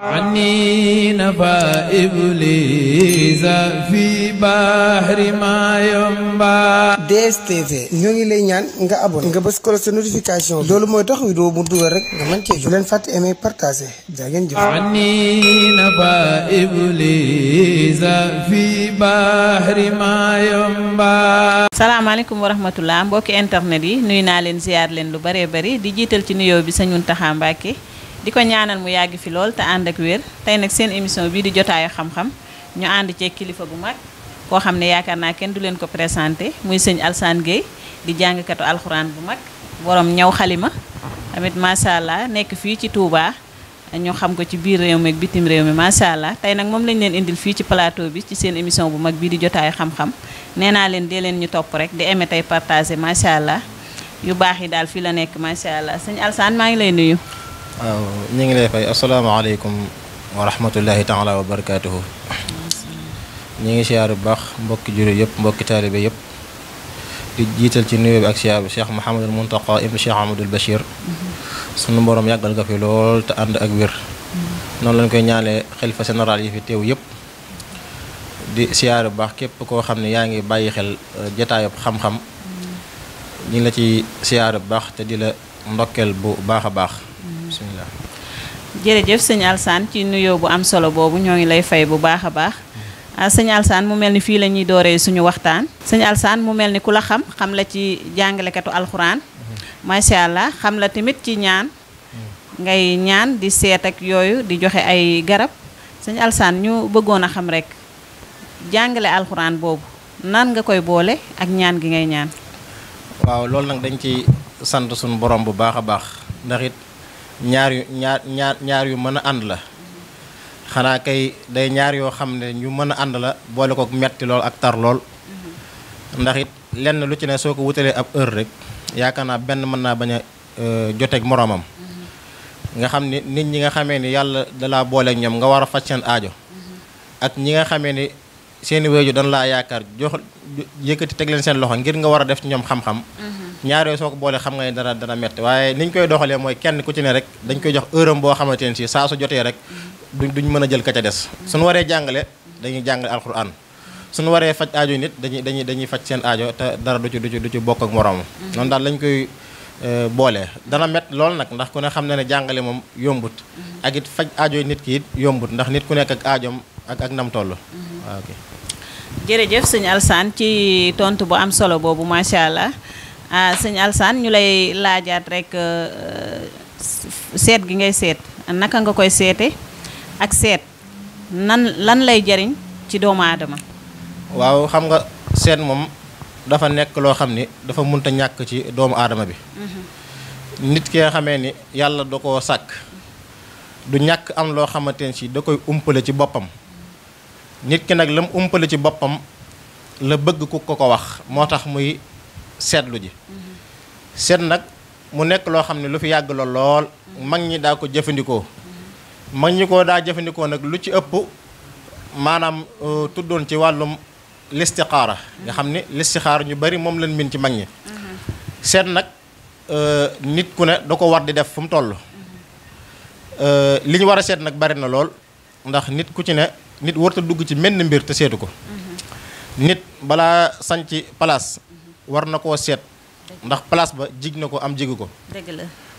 عني نفى إبليس في بحر ما ينبع DSTV ñoo ngi lay ñaan nga abonné nga bës ko sa notification loolu mooy tax vidéo mu dugal rek nga mën cee jox leen fàtte aimer partager jaa ngeen عني نفى إبليس في بحر ما ينبع wa rahmatullah internet yi ziar leen lu bare bari di jiital ci nuyoo bi sañun taxaa di ko ñaanal mu yàgg fi lool te ànd ak wér tey nag seen émission bii di jotaayu xam-xam ñu ànd cee kilifa gu mag koo xam ne yaakaar naa kenn du leen ko présenté muy sëñ Alsaan Guèye di jàngkatu alxuraan bu mag borom ñaw xalima tamit macha allah nekk fii ci Touba ñu xam ko ci biir réew mi ak bitim réew mi macha allah tey nag moom lañ leen indil fii ci plateau bi ci seen émission bu mag bii di jotaayu xam-xam nee naa leen dee leen ñu topp rek di aimé tey partagé macha allah yu baax yi daal fii la nekk macha allah sëñ Alsaan maa ngi lay nuyu. waaw ñu ngi lay fay asalaamaaleykum wa rahmatullahi taala wa barakaatuhu ñu ngi siyaar bu baax mbokki jullit yëpp mbokki taalibe yëpp di jiital ci nuyoo bi ak siyaar bi Cheikh Mouhamadul Muntaqa ibnu Cheikh Amadul Bachir sunu mboroom yàggal nga fi lool te ànd ak wér noonu lañ koy ñaanee xalifa général yi fi teew yëpp di siyaar bu baax képp koo xam ne yaa ngi bàyyi xel jataayub xam-xam ñu ngi la ci siyaar bu baax te di la ndokkeel bu baax a baax bismillah jërëjëf sëñ Alsaan ci nuyoo bu am solo boobu ñoo ngi lay fay bu baax a baax mm. ah, sëñ Alsaan mu mel ni fii la ñuy dooree suñu waxtaan sëñ Alsaan mu mel ni ku la xam xam la ci jàngalekatu alxuraan mm-hmm. macha allah xam la tamit ci ñaan mm. ngay ñaan di seet ak yooyu di joxe ay garab sëñ Alsaan ñu bëggoon a xam rek jàngale alxuraan boobu nan nga koy boole ak ñaan gi ngay ñaan waaw loolu nag dañ ci sant suñu borom bu baax baax ndax it ñaar yu ñaar ñaar ñaar yu mën a ànd la xanaa kay day ñaar yoo xam ne ñu mën a ànd la boole ko metti lool ak tar lool ndax it lenn lu ci ne soo ko wutalee ab heure rek yaakaar naa benn mën naa bañ a e, joteeg moroomam nga xam ni nit ñi nga xamee ni yàlla dalaa boole ak ñoom nga war a faj seen aajo ak ñi nga xamee ni seeni wéeju dañ laa yaakaar jox yëkkati teg leen seen loxo ngir nga war a def ci ñoom xam-xam ñaar yooyu soo ko boole xam nga dara dara metti waye niñ koy doxale moy kenn ku ci ne rek dañ koy jox heuram bo xamanteni ci sa su joté rek duñ mëna jël ka ca dess suñu waré jàngale dañuy jàngale alquran suñu waré fajj aajo nit dañuy dañuy dañuy fajj seen aajo te dara du ci du ci du ci bok ak morom mm-hmm. non dal lañ koy euh, boole dana met lool nak ndax ku ne xam na ne jàngale mom yombut mm-hmm. ak it fajj aajo nit ki it yombut ndax nit ku nekk ak aajom ak ak nam tollu mm-hmm. waaw ok jërëjëf sëñ Alsaan ci tontu bu am solo boobu macha allah ah sëñ Alsaan ñu lay laajaat rek euh, seet gi ngay seet naka nga koy seete ak seet nan lan lay jariñ ci doomu aadama waaw xam nga seet moom dafa nekk loo xam ni dafa munta ñàkk ci doomu aadama bi mm-hmm. nit ki nga xamee ni yàlla da ko sàkk du ñàkk am loo xamante ne si da koy umpale ci boppam nit ki nag lam umpale ci boppam la bëgg ku ko ko wax moo tax muy seetlu ji seet nag mu nekk loo xam ne lu fi yàgg la lool mag ñi daa ko jëfandikoo mag ñi ko daa jëfandikoo nag lu ci ëpp maanaam euh, tuddoon ci wàllum listixaara nga xam ne listixaar ñu bari moom lañ min ci mag ñi seet nag euh, nit ku ne da ko war di def fu mu toll euh, li ñu war a seet nag bari na lool ndax nit ku ci ne nit warta dugg ci mbenn mbir te seetu ko nit balaa sañc palaas war na koo set ndax place ba jig na am jigu ko dëgg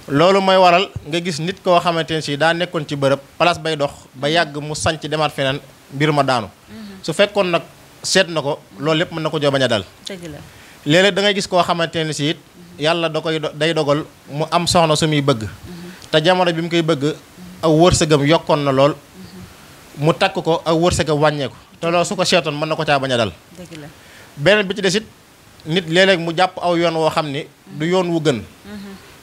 la waral nga gis nit ko xamanteni ci si nekkon ci beurep place bay dox ba mm-hmm. yag mu sanc demat fenen mbir ma daanu mm-hmm. su fekkon nak set nako ko lepp man nako jo baña dal deug la Lele da ngay gis ko xamanteni ci si it mm-hmm. da koy day dogal mu am soxna sumi beug ta jamono bi mu koy beug aw wërsëgam yokon na lol mu takko ko aw wërsëgam wàññeeku to loolu suko ko man nako na baña dal deug la dal bi ci desit nit lelek mu japp aw yoon wo xamni ni du yoon wu gën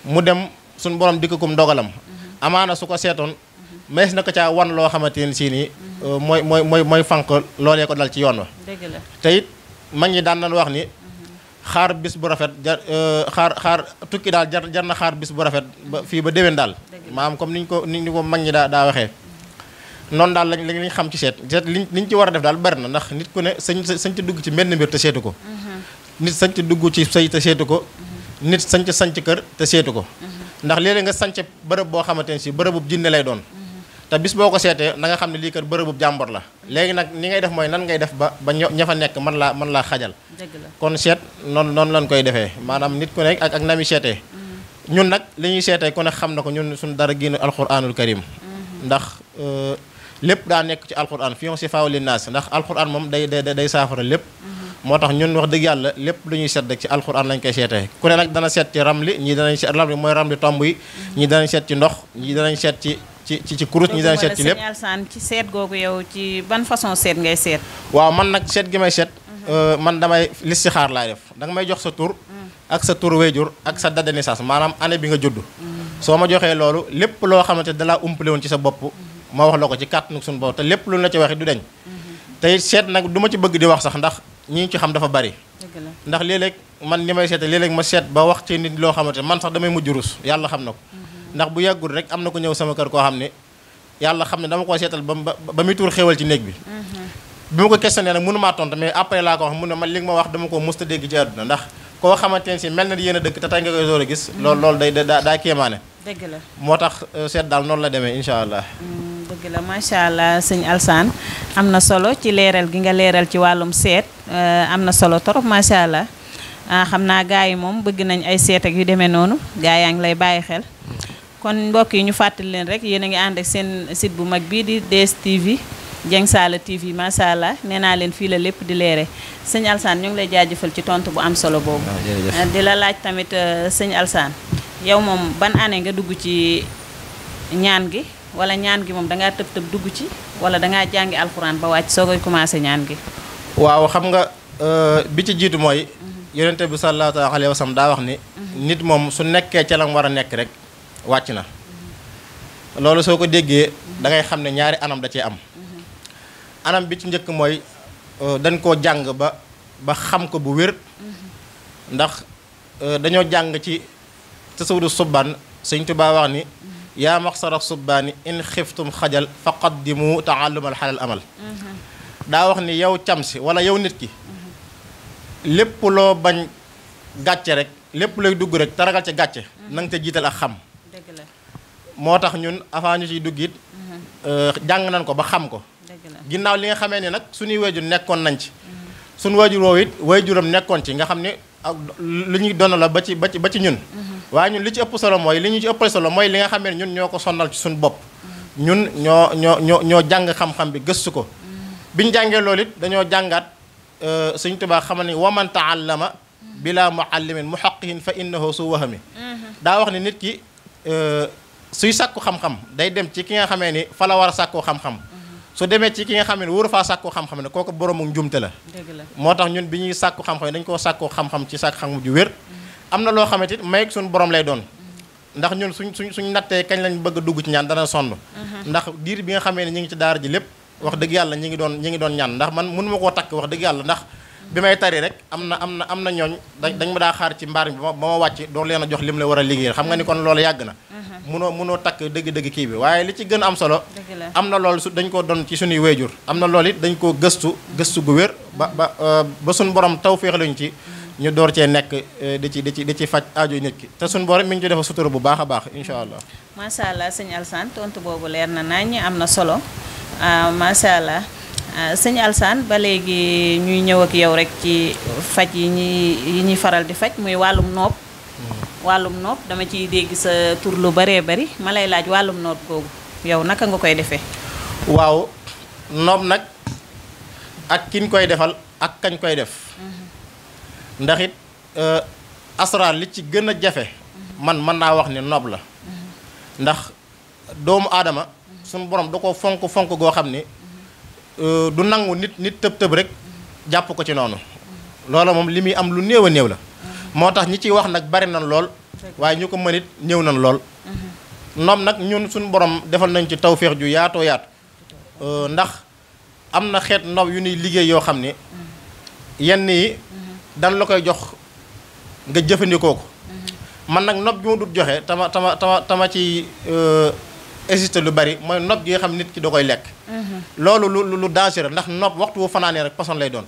mu dem sun borom dik kum dogalam amaana suko seton mes mees na ko caa wan lo xamanteni ci ni euh, moy moy moy moy fank lolé ko dal ci yoon wa te it mag ñi daan wax ni xaar bis bu rafet euh, xaar xaar tukki dal jar jar na xaar bis bu rafet ba fii ba déwén dal maanaam comme niñ ko niñ ko magni da daa daa non dal lañ lañ xam ci set liñ ci war def dal bari ndax nit ku ne señ señ ci dugg ci melni mbir te nit sanc dugg ci say te seetu ko nit sanc sañc kër te seetu ko ndax léeg-léeg nga sanc bërëb boo xamante ne si bërëbub jinne lay doon te bis boo ko seetee na nga xam ne lii kër bërëbub jàmbor la léegi nag ni ngay def mooy nan ngay def ba ba ña fa nekk man laa mën laa xajal kon seet noonu noonu lañ koy defee maanaam nit ku nekk ak ak na muy seetee ñun nag li ñuy seetee ku ne xam na ko ñun suñu dara génn alquranul karim ndax euh, lépp daa nekk ci alquran fi on si faaw li naas ndax alquran moom day day day saafara lépp moo tax ñun wax dëgg yàlla lépp lu ñuy seet rek ci alxuraan lañ koy seetee ku ne nag dana seet ci ramli ñii danañ seet ramli mooy ramli tomb yi ñii danañ seet ci ndox ñii danañ seet ci ci ci ci kurus ñi danañ seet ci lépp ci seet googu yow ci ban façon seet ngay seet waaw man nag seet gi may seet mhm. euh, man damay listixaar laay def danga may jox sa tur mhm. ak sa tur wéyjur ak sa date maanaam année bi nga judd mhm. soo ma joxee loolu lépp loo xamante dalaa umpale woon ci sa bopp ma wax la ko ci kàttanu suñu bopp te lépp lu la ci waxi du deñ te seet nag du ma ci bëgg di wax sax ndax ñu ñi ci xam dafa bari ndax léeg man li may seete léeg ma seet ba wax ci nit loo xamante man sax damay mujj rus yàlla xam na ko mhm. ndax bu yàggul rek am na ko ñëw sama kër koo xam ne yàlla xam ne dama koo seetal ba ba muy tuur xéwal ci néeg bi mhm. bi ma ko questionné nag mënu maa tontu mais après laa ko wax mu ne man li nga ma wax dama ko musta dégg ci àdduna ndax koo xamante ne si mel na yéen a dëkk te tey nga koy door a gis loolu mhm. loolu day daa daa kéemaane dëgg moo tax euh, seet noonu la demee incha allah dëgg la macha allah seigne amna amna solo ci leral gi nga leral ci walum set euh, amna solo trop macha allah ah, xamna gaay mom yi bëgg nañ ay set ak yu demee nonu gaay lay baye xel. kon mbokk yi ñu leen rek yéen a ngi ànd ak seen site bu mag bi di DSTV jeng sala TV macha allah neena len fi la lepp di leere seigne alsan ñu ngi lay jaajëfal ci tontu bu am solo bo, ah, ah, di la laaj tamit euh, seigne alsan yow mom ban ane nga dugg ci ñaan gi. wala ñaan gi moom dangaa tëb tëb dugg ci wala dangaa ngaa jàngi alxuraan ba wàcc soo koy commencé ñaan gi. waaw xam nga euh, bi ci jiitu mooy. yonent bi sallallahu alayhi wa sallam daa wax ni. nit moom su nekkee ca la mu war a nekk rek wàcc na. loolu soo ko déggee da ngay xam ne ñaari anam da cee am. anam bi ci njëkk mooy euh, dañ koo jàng ba ba xam ko bu wér. ndax euh, dañoo jàng ci tasawudu subban Sëñ Tuubaa wax ni. yaa maxsara subbaani in xiftum xajal faqaddimu taallumal xalal amal daa wax ni yow cam si wala yow nit ki lépp loo bañ gàcce rek lépp lay dugg rek te ragal ca gàcce na nga ca jiital ak xam moo tax ñun avant ñu ciy dugg it jàng nañ ko ba xam ko ginnaaw li nga xamee ni nag suñuy wayjur nekkoon nañ ci suñu wayjur woowu it wayjuram nekkoon ci nga xam ne lu ñuy doon la ba ci ba ci ba ci ñun mm-hmm. waaye ñun li ci ëpp solo mooy li ñu ci ëppal solo mooy li nga xamee ne ñun ñoo ko sonnal ci suñu bopp ñun ñoo ñoo ñoo ñoo jàng xam-xam bi gëstu ko mm-hmm. biñu jàngee loolu it dañoo jàngaat euh, Sëñ Tuubaa xamal ni waman taallama mu mm-hmm. muallimin muhaqqihin fa innahu su waxami daa wax ni nit ki euh, suy sàkku xam-xam day dem ci ki nga xamee ni fa la war a sàkkoo xam-xam su demee ci ki nga xam ne wóoru faa sàkku xam-xam ne kooku boroomu njumte la moo tax ñun bi ñuy sàkk xam-xam dañ koo sàkku xam-xam ci sàkku xam ju wér am na loo xamante it may suñu borom lay doon ndax ñun suñ suñ suñ nattee kañ lañ bëgg dugg ci ñaan dana sonn ndax diir bi nga xamee ne ñu ngi ci daara ji lépp wax dëgg yàlla ñu ngi doon ñi ngi doon ñaan ndax man mënu ma koo takk wax dëgg yàlla ndax bi may tari rek am na am na am na ñooñ dañ ma daa xaar ci mbaar mi ba ma wàcc leen a jox lim la war a liggéey xam nga ni kon loolu yàgg na munoo munoo takk dëgg-dëgg kii bi waaye li ci gën am solo am na lool su dañ ko doon ci suñuy wéyjur am na loolu it dañ ko gëstu gëstu gu wér ba ba euh, ba suñ borom tawféex lañu ci ñu door cee nekk euh, di ci di ci di faj aajo nit ki te suñ borom mi ngi ci defa sutura bu baax a baax incha allah macha allah sëñ Alsaan tontu boobu leer na nañ am na solo ah, macha allah ah, sëñ Alsaan ba léegi ñuy ñëw ak yow rek ci faj yi ñuy yi ñuy faral di faj muy wàllum nopp wàllum nopp dama ciy dégg sa tur lu baree bari ma lay laaj wàllum nopp googu yow naka nga koy defee. waaw nopp nag ak kin koy defal ak kañ koy def. Mm-hmm. ndax it euh, asrar li ci gën a jafe. Mm-hmm. man mën naa wax ni nopp la. Mm-hmm. ndax doomu aadama. suñu borom da ko fonk fonk goo xam ni euh, du nangu nit nit tëb tëb rek jàpp ko ci noonu. loola moom li muy am lu néew a néew la. moo tax ñi ciy wax nag bari nañ lool waaye ñu ko mën it ñëw nañ lool mm-hmm. noom nag ñun suñu borom defal nañ ci tawféex ju yaatoo yaatu euh, ndax am na xeet ndaw yu nuy liggéey yoo xam ne mm-hmm. yenn yi mm-hmm. dan la koy jox nga jëfandikoo ko man nag nob bi ma dut joxe tama tama tama tama ci euh, existé lu bari mooy nob gi nga xam nit ki da koy lekk loolu lu lu dangereux ndax nob waxtu wu fanaanee rek poson lay doon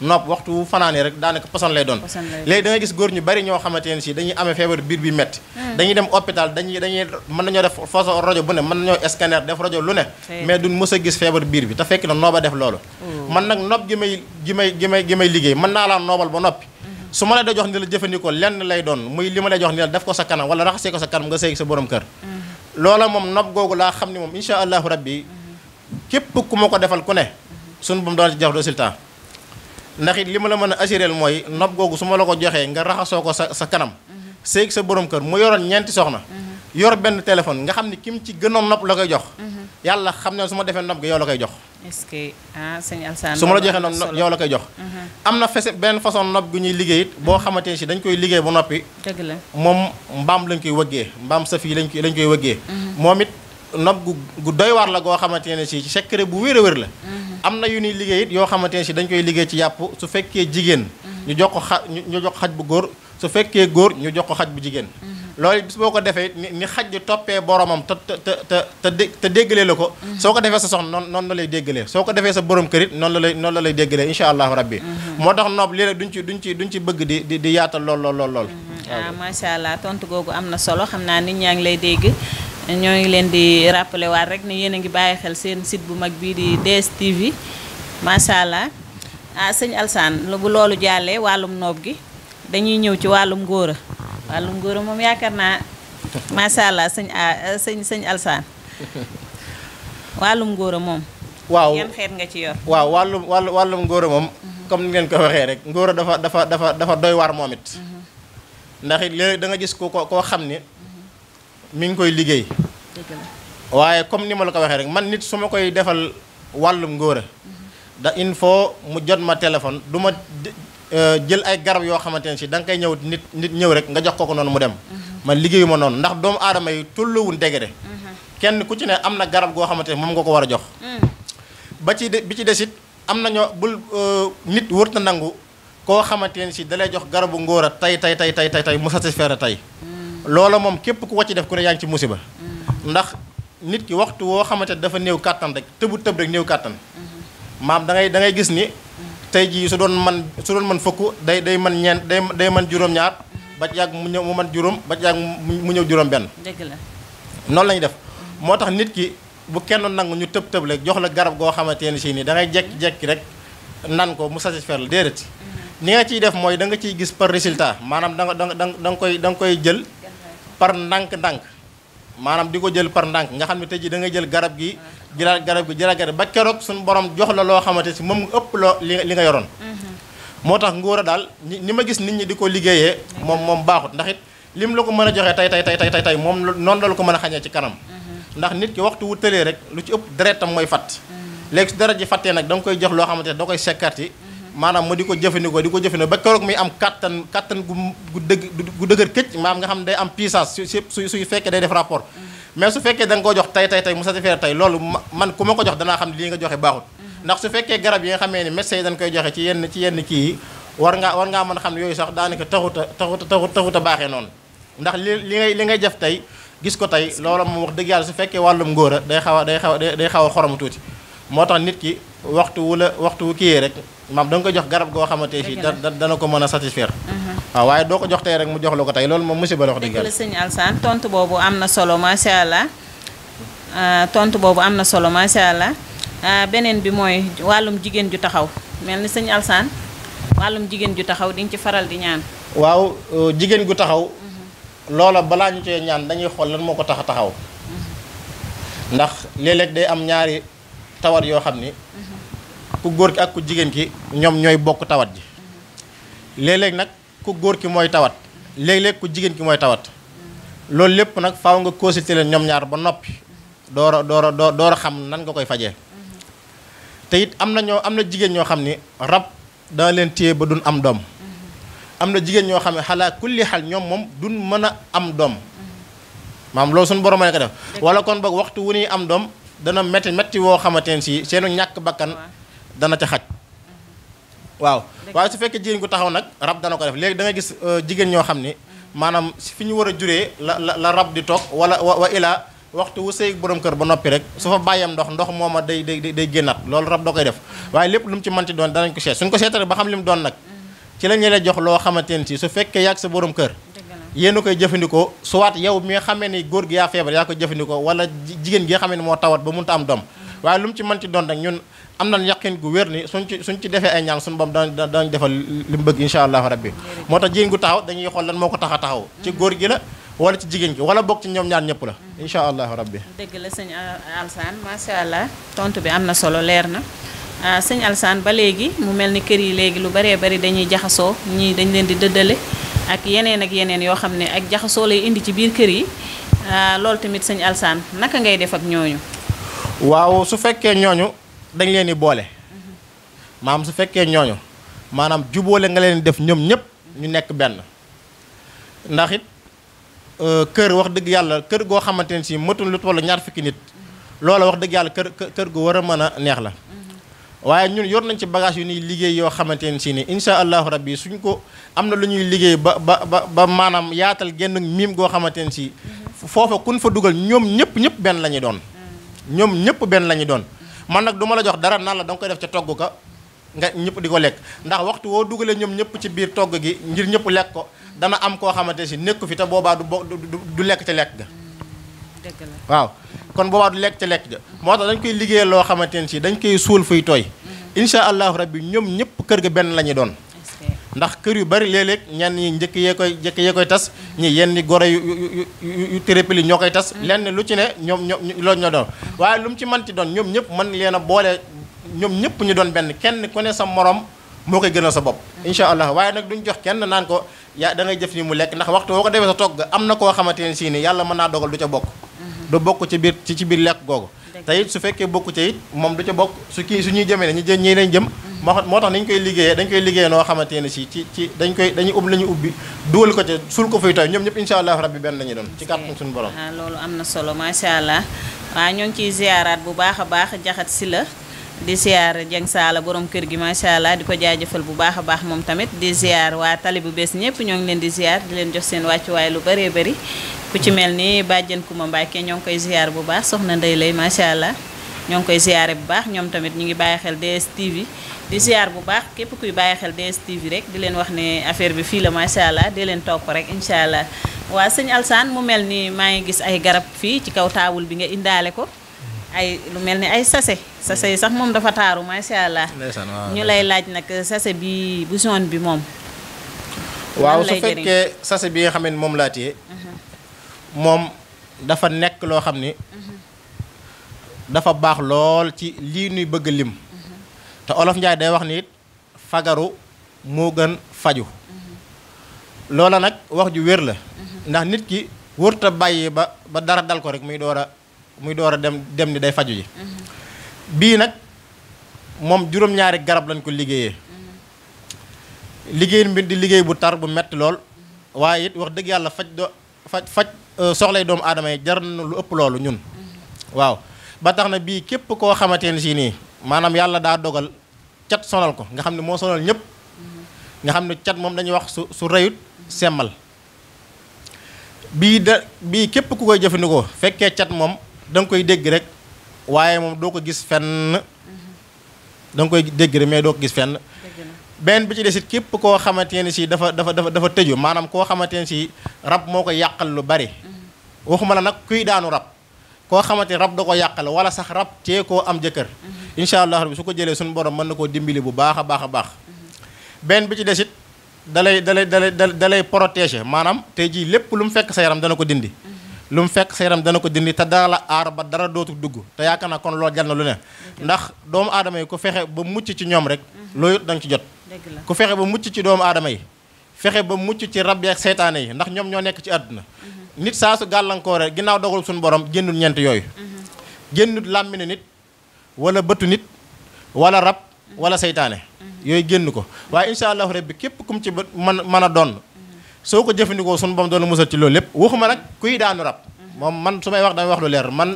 nopp waxtu wu fanaanee rek daanaka poson lay doon léegi da nga gis góor ñu bari ñoo xamante ne si dañuy amee feebar biir bi métti hmm. dañuy dem hôpital dañuy dañuy mën nañoo def façon rajo bu ne mën nañoo scanner def rajo lu ne mais duñ mës a gis feebar biir bi te fekk na nooba def loolu oh. man nag nopp gi may gi may may gi may liggéey mën naa laa noobal ba noppi hmm. su ma la da jox ni la jëfandikoo lenn lay doon muy li ma lay jox ni la def ko sa kanam wala raxasee ko sa kanam nga séegi sa borom kër hmm. loola moom nopp googu laa xam ne moom insha allahu rabbi képp ku ma ko defal ku ne suñu bu mu doon ci jox résultat ndax it li la mën a assuréel mooy nopp googu su ma la ko joxee nga raxasoo ko sa sa kanam séeg sa borom kër mu yoroon ñeenti soxna yor benn téléphone nga xam ne ki ci gënoon nopp la koy jox yàlla xam ne su ma defee nopp gi yow la koy jox est-ce que ah su ma la joxee nopp yow la koy jox mhm. am na fese benn façon nopp gu ñuy liggéey it boo xamante si dañ koy liggéey bu noppi dëgg la moom mbaam lañ koy wëggee mbaam sa yi lañ koy lañ koy wëggee mhm. moom it gu doy war la goo xamante ne si secret bu wér a wér la mhm. am na yu ñuy liggéey it yoo xamante ne si dañ koy liggéey ci yàpp su fekkee jigéen mm-hmm. ñu jox ko xa ñu jox xaj bu góor su fekkee góor ñu jox ko xaj bu jigéen mm-hmm. loolu bis boo ko defee ni xaj di toppee boromam te te te te te déggalee la ko mm-hmm. soo ko defee sa soxna noon noonu la lay déggalee soo ko defee sa borom kërit it noonu la lay noonu la lay déggalee insha allahu rabbi moo tax noob léeg-léeg duñ ci duñ ci duñ ci bëgg di di yaatal lool lool lool lool waaw ah, macha allah tontu googu am na solo xam naa nit ñaa ngi lay dégg ñoo ngi leen di rappelé waat rek ni yéen a ngi bàyyi xel seen site bu mag bii di DSTV macha allah ah sëñ Alsaan bu loolu jàllee wàllum noob gi dañuy ñëw ci wàllum ngóora wàllum ngóora moom yaakaar naa macha allah sëñ a ah, sëñ sëñ Alsaan wàllum ngóora moom. waaw yan xeet nga ci yor. waaw wàllum wàllu wàllum ngóora moom. Mhm. comme ni ngeen ko waxee rek ngóora dafa dafa dafa dafa doy war moom it. Mhm. ndax it da nga gis ko koo xam ni. mi ngi koy liggéey waaye comme ni ma la ko waxee rek man nit su ma koy defal wàllum ngóora da il faut mu jot ma téléphone du ma euh, jël ay garab yoo xamante ne si da nga koy ñëw nit nit ñëw rek nga jox ko ko noonu mu dem mhm. man liggéeyu noonu ndax doomu aadama yi tolluwun dégg mhm. kenn ku ci ne am na garab goo xamante ne moom nga ko war a jox mm. ba ci bi ci desit am na ñoo bul euh, nit wër nangu koo xamante ne si dalay jox garabu ngóora tey tey tey tey tey tey mu satisfaire tey mm. loola moom képp ku wàcc def ku ne yaa ngi ci musiba ndax nit ki waxtu woo xamante dafa néew kàttan rek tëbu tëb rek néew kàttan maam dangay ngay da ngay gis ni tey jii su doon man su doon man fukk day day man ñeent day day man juróom-ñaar ba ci mu ñëw mu man juróom ba ci yàgg mu ñëw juróom benn la noonu la def moo tax nit ki bu kenn nangu ñu tëb tëb rek jox la garab goo xamante ne si nii dangay ngay jekki-jekki rek nan ko mu satisfaire la déedéet mm-hmm. ni nga ciy def mooy da nga ciy gis par résultat maanaam da nga da nga da koy da nga koy jël par ndànk-ndànk maanaam di ko jël par ndànk nga xam ne tey ji da ngay jël garab gi jëlaat garab gi jëlaat garab ba keroog suñu borom jox la loo xamante si moom nga ëpp loo li nga yoroon mm-hmm. moo tax ngóor a daal ni ma gis nit ñi di ko liggéeyee moom moom baaxut ndax it lim la ko mën a joxee tey tey tey tey tey moom noonu la la ko mën a xañee ci kanam mm-hmm. ndax nit ki waxtu wu tëlee rek lu ci ëpp deretam mooy fatt mm-hmm. léegi su deret ji fattee nag da nga koy jox loo xamante da koy sekkaat maanaam mu di ko diko di ba kërok mi am katan katan gu deug gu deugër këcc maam nga xam day am puissance su su fekké day def rapport mais su fekké dang ko jox tay tay tay mu defé tay loolu man kuma ko jox dana xam li nga joxé baaxut ndax su fekké garab yi nga xamé ni médecin dañ koy joxé ci yenn ci yenn ki war nga war nga man a xam ne yooyu sax daanaka taxuta taxuta taxut taxuta baxé non ndax li ngay li ngay jëf tay gis ko tay loola moom wax deug yalla su fekké walum ngora day xawa day xawa day xawa a xorom tuuti nit ki waxtu wu la waxtu wu rek maam da nga ko jox garab goo xamante si da dana ko mën a satisfaire mhm. waaye doo ko jox tey rek mu jox la ko tey loolu moom musiba la wax dëgg la sëñ Alsaan tontu boobu am na solo macha allah ah, tontu boobu am na solo macha allah ah, beneen bi mooy wàllum jigéen ju taxaw mel ni sëñ Alsaan wàllum jigéen ju taxaw di ci faral di ñaan waaw euh, jigéen gu taxaw mhm. loola balaa ñu cee ñaan dañuy xool lan moo ko tax a taxaw mhm. ndax léeg-léeg day am ñaari tawar yoo xam ni ku góor ki ak ku jigéen ki ñoom ñooy bokk tawat ji léeg-léeg nag ku góor ki mooy tawat léeg-léeg ku jigéen ki mooy tawat loolu lépp nag faaw nga consulter leen ñoom ñaar ba noppi door a door a door a xam nan nga koy fajee te it am na ñoo am na jigéen ñoo xam ni rab dana leen téye ba duñ am doom am na jigéen ñoo xam ne xalaa kulli xal ñoom moom duñ mën a am doom maam loolu suñ borom a ko def wala kon boog waxtu wu ñuy am doom dana metti metti woo xamante ne si seenu ñàkk bakkan dana ca xaj mhm. waaw waaye su fekkee jigéen gu taxaw nag rab dana ko def léegi da gis euh, jigéen ñoo xam ni maanaam fi ñu war a juree la la la rab di toog wala wa ilaa waxtu wu sëy borom kër ba noppi rek su fa bàyyam ndox ndox mooma day day day génnaat loolu rab da koy def waaye lépp lu mu ci manti doon danañ ko seet suñ ko seetare ba xam li mu doon nag mhm. ci la ñu loo xamante ne si su fekkee yàgg sa borom kër yéen a koy jëfandikoo soit yow mi nga xamee ni góor gi yaa feebar yaa ko jëfandikoo wala jigéen gi xame xamee ni moo tawat ba mënta am doom mhm. waaye lu mu ci manti doon nag ñun am nañ yaqin gu wér ni suñ ci suñ ci defee ay ñaan suñ bam dañ dañ defal li mu bëgg insha allah rabbi moo tax jigéen gu taxaw dañuy xool lan moo ko tax a taxaw ci góor gi la wala ci jigéen gi wala bokk ci ñoom ñaar ñëpp la insha rabbi dëgg la sëñ euh, alsaan macha allah tontu bi am na solo leer na euh, sëñ alsan ba léegi mu mel ni kër yi léegi lu baree bari dañuy jaxasoo ñii dañ leen di dëddale ak yeneen ak yeneen yoo xam ak jaxasoo lay indi ci biir kër yi euh, loolu tamit sëñ alsan naka ngay def ak ñooñu waaw su fekkee ñooñu dañ leen di boole maanaam su fekkee ñooñu maanaam jubóole nga leen def ñoom ñëpp ñu nekk benn ndax it euh, kër wax dëgg yàlla kër goo xamante ne si matul lu toll ñaar fukki nit loola wax dëgg yàlla kër kër gu war a mën a neex la waaye ñun yor nañ ci bagage yu ñuy liggéey yoo xamante ne si ni incha allahu rabbi suñ ko am na lu ñuy liggéey ba ba ba ba maanaam yaatal genn miim goo xamante ne si mm-hmm. foofa kun fa dugal ñoom ñëpp ñëpp benn la ñu doon mm-hmm. ñoom ñëpp benn la ñu doon man nag duma la jox dara nan la da koy def ca togg ka nga ñëpp di ko lekk ndax waxtu woo dugalee ñoom ñëpp ci biir togg gi ngir ñëpp lekk ko dana am koo xamante si nekku fi te boobaa du bo du lekk ca lekk ga waaw kon boobaa du lekk ca lekk ga moo tax dañ koy liggéeyal loo xamante ne si dañ koy suul fuy tooy mm-hmm. incha allahu bi ñoom ñëpp kër ga benn la ñuy doon ndax kër yu bari léeg-léeg ñenn ñi njëkk yee koy njëkk yee koy tas ñi yenn goro yu yu térépili ñoo koy tas mm. lenn lu ci ne ñoom ñoom loolu ñoo doon waaye lu mu ci manti doon ñoom ñëpp mën leen a boole ñoom ñëpp ñu doon benn kenn ku ne sa morom moo koy gënal sa bopp mm. incha allah waaye nag duñ jox kenn naan ko yaa da ngay jëf ni mu lekk ndax waxtu boo ko defee sa togg am na koo xamante ne sii ni yàlla mën naa dogal du ca bokk mm-hmm. du bokk ci biir ci ci biir lekk googu te it su fekkee bokku ca it moom du ca bokk su kii su ñuy jëmee ne ñu jëm ñii lañ jëm mm-hmm. moo tax nañ koy liggéeyee dañ koy liggéeyee noo xamante ne si ci ci dañ koy dañuy ubbi la ñu ubbi dugal ko ca sul ko fuy tooy ñoom ñëpp insha allah bi benn la ñuy doon ci kàttan suñu borom ah, loolu am na solo macha allah waaw ñoo ngi ciy ziaraat bu baax a baax jaxat si la di ziar Dieng Saala borom kër gi macha allah di ko jaajëfal bu baax a baax moom tamit di ziar waa tali bu bees ñëpp ñoo ngi leen di ziar di leen jox seen wàccuwaay lu bëree bari ku ci mel ni bàjjen Kuma Mbàkke ñoo ngi koy ziar bu baax soxna Ndey Lay macha allah ñoo ngi koy ziare bu baax ñoom tamit ñu ngi bàyyi xel DSTV di ziar bu baax képp kuy bàyyi xel DSTV rek di leen wax ne affaire bi fii la macha allah di leen topp rek incha allah waa sëñ Alsaan mu mel ni maa ngi gis ay garab fii ci kaw taawul bi nga indaale ko ay lu mel ni ay sase sase yi sax moom dafa taaru macha allah ñu lay laaj nag sase bi bu zone bi moom waaw su fekkee sase bi nga xam moom laa mhm. Mom, dafa nek loo xam ni dafa bax lol ci li ñuy bëgg lim te olof njaay day wax ni fagaru mo gën faju lola nak wax ju wër la ndax nit ki ba ba dara dal ko rek muy door muy dem dem ni day faju ji mom nak mom juróom-ñaari garab lañ ko liggéeyee liggéey mbind di liggéey bu tar bu metti lool waye it wax deug yalla faj do faj faj Euh, soxlay doomu aadama yi jar na lu ëpp loolu ñun waaw ba tax na bii képp koo xamante ne si nii maanaam yàlla daa dogal cat sonal ko nga xam ne moo sonal ñëpp nga xam ne cat moom dañuy wax su su reyut semmal bii da bii képp ku koy jëfandikoo fekkee cat moom danga koy dégg rek waaye moom doo ko gis fenn da koy dégg rek mais doo ko gis fenn benn bi ci des képp koo xamante ne si dafa dafa dafa dafa tëju maanaam koo xamante si rab moo ko yàqal lu bari. Mm-hmm. waxuma la nag kuy daanu rab koo xamante rab da ko yàqal wala sax rab tee koo am jëkkër. Mm-hmm. incha allah rabbi su ko jëlee suñu borom mën na koo dimbali bu baax a baax a baax. Mm-hmm. benn bi ci des it dalay dalay dalay dalay protéger maanaam tey jii lépp lu mu fekk sa yaram dana ko dindi. lu mu fekk sa yaram dana ko dindi te dana la aar ba dara dootu dugg te yaakaar naa kon loolu jal na lu ne. ndax doomu aadama yi ko fexe ba mucc ci ñoom rek. looyut danga ci jot. ku fexe ba mucc ci doomu aadama yi fexe ba mucc ci rab yi ak seytaane yi ndax ñoom ñoo nekk ci àdduna mhm. nit saa su gàllankoore ginnaaw dogal suñu borom génnul ñeent yooyu mhm. génnut làmmine nit wala bëtu nit wala rab mhm. wala seytaane yooyu génn ko waaye incha allahu rabbi képp kum ci mën mën a doon soo ko jëfandikoo suñu borom doon musal ci loolu lépp waxuma nag kuy daanu rab moom man su may wax damay wax lu leer man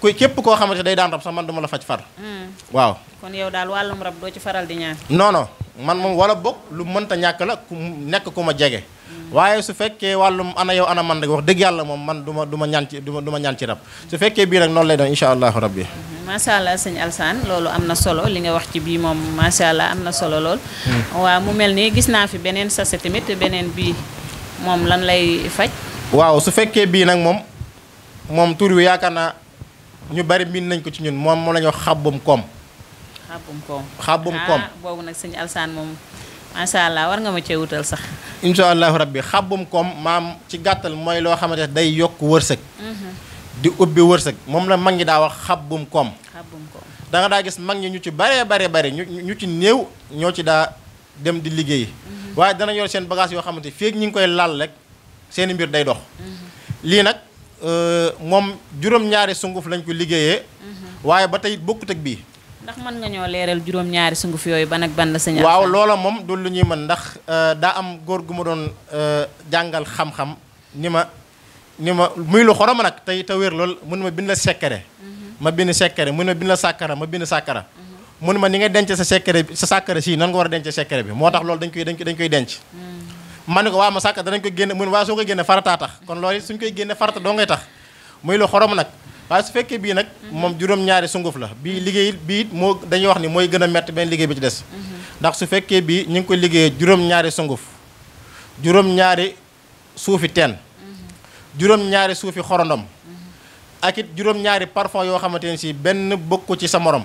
kuy képp koo xamante day daan sax man duma la faj far mm. waaw man mom wala bok lu mënta ñak la nek kuma ku ma jege waaye su fekkee walum ana yow ana man rek wax dëgg yalla mom man duma duma ñaan ci duma duma ñaan ci rap su fekkee bi rek non lay doon inshallah rabbi mhm, macha allah sëñ Alsaan amna solo li nga wax ci bii moom macha allah amna solo lool hmm. wa mu melni gis na fi beneen sase tamit benen bi mom lan lay fajj waaw su fekkee bi nak mom mom tour wi yakana ñu bari min nañ ko ci ñun mom mo lañu xabum wax xabum koom xabum ah, koom boobu nag sëñ Alsaan moom macha allah war nga ma cee wutal sax. incha allahu rabbi xabum koom maam ci gàttal mooy loo xamante day yokk wërsëg. Mhm. di ubbi wërsëg moom la mag ñi daa wax xabum koom. xabum koom da nga daa gis mag ñi ñu ci baree bare bare ñu ñu ci néew ñoo ci daa dem di liggéey. Mhm. waaye dana yor seen bagage yoo xamante fii ñu ngi koy laal rek seen mbir day dox. Mhm. lii nag euh, moom juróom-ñaari sunguf lañ ko liggéeyee. waaye ba tey bokkut bii. ndax mën nga ñoo leeral juróom-ñaari sunguf yooyu ban ak ban la sëñ waaw loola moom du lu ñuy mën ndax euh, daa am góor gu ma doon euh, jàngal xam-xam ni ma ni ma muy lu xorom nag tey te wér lool mun ma bind la sekkere mhm. ma bind sekkere mun ma bind la sàkkara mhm. ni nga denc sa sekkere sa sàkkara si nan nga war a denc sekkere bi moo tax loolu dañ koy dañ koy denc mhm. man ni ko waa ma sàkk danañ ko génne mun waa soo ko génne farata tax kon loolu suñ koy génne farata doo ngay tax muy lu xorom nag waaye su fekkee bii nag mhm. moom juróom-ñaari sunguf la bii mhm. liggéey bii moo dañuy wax ni mooy gën a métti benn liggéey bi ci des mhm. ndax su fekkee bii ñu ngi ko liggéeyee juróom-ñaari sunguf juróom-ñaari suufi teen juróom-ñaari suufi xorondom ak it juróom yoo xamante ne si benn bokku ci sa morom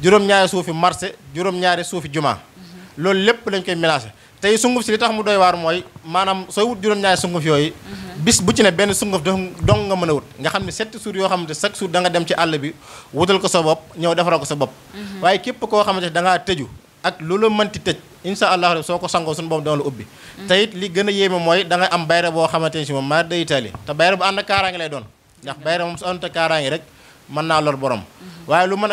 juróom-ñaari suufi marché juróom-ñaari suufi juma loolu lépp lañ koy mélangé tey sunguf si li tax mu doy waar mooy maanaam sooy wut juróom-ñaari sunguf yooyu bis bu ci ne benn sunguf dong nga mën a wut nga xam ne sept jours yoo xamante chaque jour da nga dem ci àll bi wutal ko sa bopp ñëw defaral ko sa bopp mhm. waaye képp koo xamante da tëju ak loolu mënti tëj insha allah rek soo ko sangoo suñu boobu dana ubbi mhm. te li gën a yéeme mooy da am bayra boo xamante moom maa day tali te bayra bu ànd kaaraange lay doon ndax mhm. bayra moom su ànd kaaraange rek mën naa lor borom waaye lu mën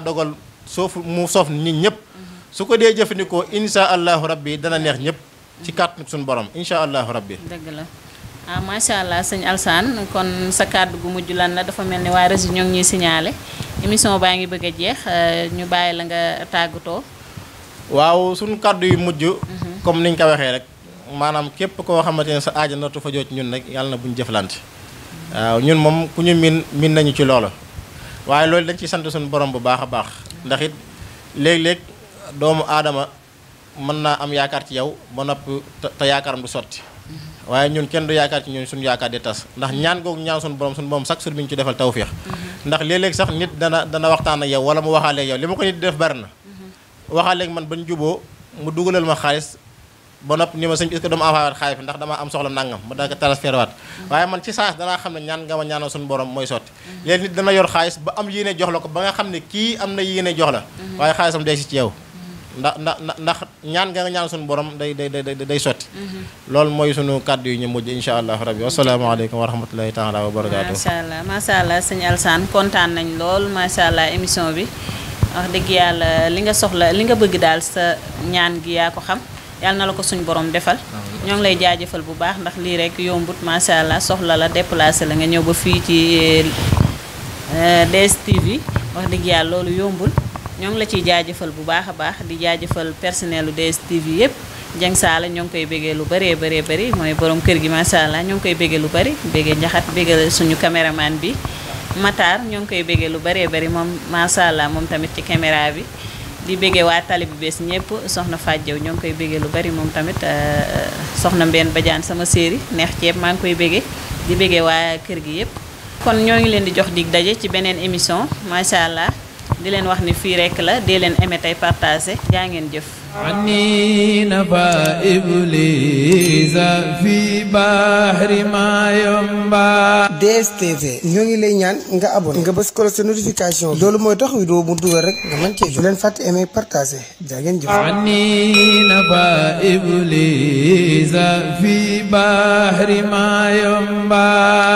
a sauf mu sauf nit ñep su ko dé jëfëndiko insha allah rabbi dana neex ñep ci carte sun borom insha allah rabbi deug la ah sha allah sëñ san, kon sa carte gu mujju lan la dafa melni ni waa Rési ñi ngi signalé émission ba nga bëgg a jeex euh, ñu bàyyi la nga taguto waaw sun carte yu mujju mhm. comme niñ ko waxé rek manam képp ko sa aaji natu fa ñun nak yalla na buñu jëflante. waaw ñun mom ku ñu min min nañu ci loolu waaye loolu dañ ci sant suñu borom bu baax a baax ndax it léeg-léeg doomu aadama mën naa am yaakaar ci yow ba noppi te yaakaaram du sotti waaye ñun kenn du yaakaar ci ñun suñu yaakaar di tas ndax ñaan googu ñaan suñu borom suñu borom sax sur bi ñu ci defal tawféex ndax léeg-léeg sax nit dana dana waxtaan ak yow wala mu waxaaleeg yow li ma ko nit def bari na mm-hmm. waxaaleeg man bañ juboo mu dugalal ma xaalis ba nopp ni ma sëñ bi est-ce dama envoyé waat xaalis bi ndax damaa am soxla nangam ma daa ko transfert waat waaye man ci saas danaa xam ne ñaan nga ma ñaanal suñu borom mooy sotti léegi nit am yéene jox la ko ba nga xam ne kii am na yéene jox la waaye xaalisam day si ci yow ndax ndax ndax ñaan nga ñaan suñu borom day day day day sotti loolu mooy sunu kàddu yi ñu mujj insha allah rabbi wasalaamaaleykum wa rahmatullahi taala wa barakaatu macha allah macha allah sëñ Alsaan kontaan nañ lool macha allah émission bi wax dëgg yàlla li nga soxla li nga bëgg daal sa ñaan gi yaa ko xam yàlla na la ko suñ borom defal ñoo ngi lay jaajëfal bu baax ndax lii rek yombut macha allah soxla la déplacé la nga ñëw ba fii ci euh, DSTV wax dëgg yàlla loolu yombul ñoo ngi la ciy jaajëfal bu baax a baax di jaajëfal personnelu DSTV yëpp Dieng Saala ñoo ngi koy bégee lu bëree bëree bari mooy borom kër gi macha allah ñoo ngi koy bégee lu bari bégee njaxat bégee suñu caméraman bi Matar ñoo ngi koy bégee lu bëree bari moom macha allah moom tamit ci caméra bi di béggee waa tali bu bees ñëpp soxna fàjjew ñoo ngi koy béggee lu bari moom tamit euh, soxna mbenn bajaan sama séeri neex ceeb maa ngi koy béggee di béggee waa kër gi yëpp kon ñoo ngi leen di jox dig daje ci beneen émission macha allah di leen wax ni fii rekk la dee leen aimé tey partagé jaa ngeen jëf عني نبا إبليس في بحر ma ينبع DSTV ñoo ngi lay ñaan nga abonné nga bës ko sa notification loolu mooy tax vidéo bu dugal rek nga mën cee jot leen fàtte aimer partager jaa ngeen jëf عني نبا إبليس في بحر ما ينبع